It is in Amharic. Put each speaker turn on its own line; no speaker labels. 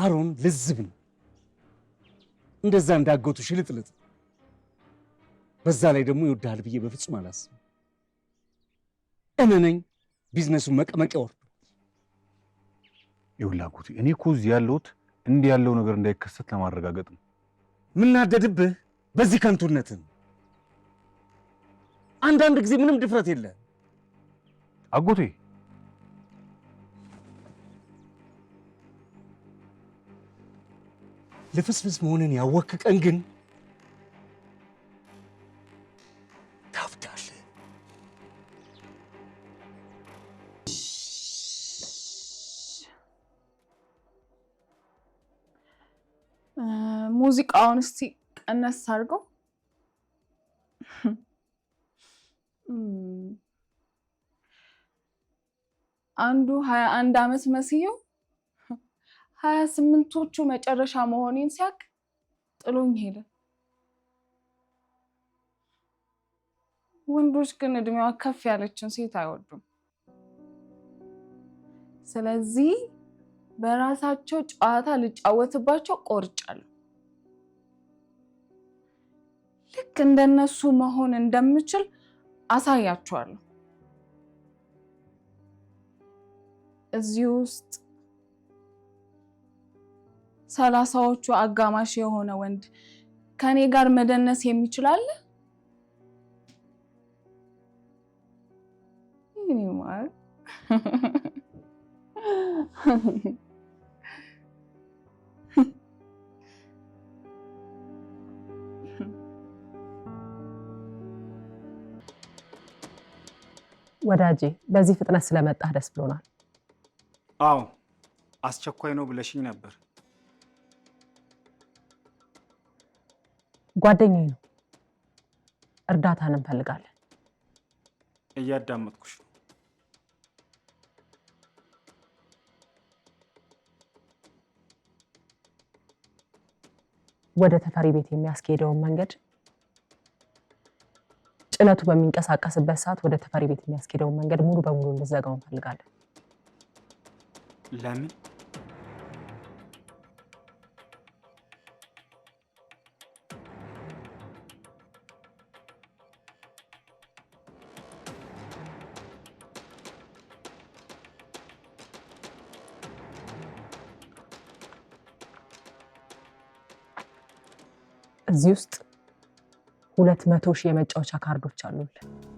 አሮን ልዝብን እንደዛ እንዳጎቱ ሽልጥልጥ በዛ ላይ ደግሞ ይወድሃል ብዬ በፍጹም አላስብም። እመነኝ፣ ቢዝነሱን መቀመቅ ወርዶ
ይውላኩት። እኔ እኮ እዚህ ያለሁት እንዲህ ያለው ነገር እንዳይከሰት ለማረጋገጥ ነው።
ምናደድብህ በዚህ ከንቱነትን። አንዳንድ ጊዜ ምንም ድፍረት የለ አጎቴ ልፍስፍስ መሆንን ያወክ ቀን ግን ታፍዳለህ።
ሙዚቃውን እስቲ ቀነስ አድርገው። አንዱ ሀያ አንድ አመት መስየው ሀያ ስምንቶቹ መጨረሻ መሆኔን ሲያቅ ጥሎኝ ሄደ። ወንዶች ግን እድሜዋ ከፍ ያለችን ሴት አይወዱም። ስለዚህ በራሳቸው ጨዋታ ልጫወትባቸው ቆርጫለሁ። ልክ እንደነሱ መሆን እንደምችል አሳያቸዋለሁ። እዚህ ውስጥ ሰላሳዎቹ አጋማሽ የሆነ ወንድ ከኔ ጋር መደነስ የሚችላል? አለ?
ወዳጄ በዚህ ፍጥነት ስለመጣህ ደስ ብሎናል።
አዎ አስቸኳይ ነው ብለሽኝ ነበር።
ጓደኛዬ ነው። እርዳታን እንፈልጋለን።
እያዳመጥኩሽ ነው።
ወደ ተፈሪ ቤት የሚያስኬደውን መንገድ ጭነቱ በሚንቀሳቀስበት ሰዓት ወደ ተፈሪ ቤት የሚያስኬደውን መንገድ ሙሉ በሙሉ እንድዘጋው እንፈልጋለን። ለምን? እዚህ ውስጥ ሁለት መቶ ሺህ የመጫወቻ ካርዶች አሉልን።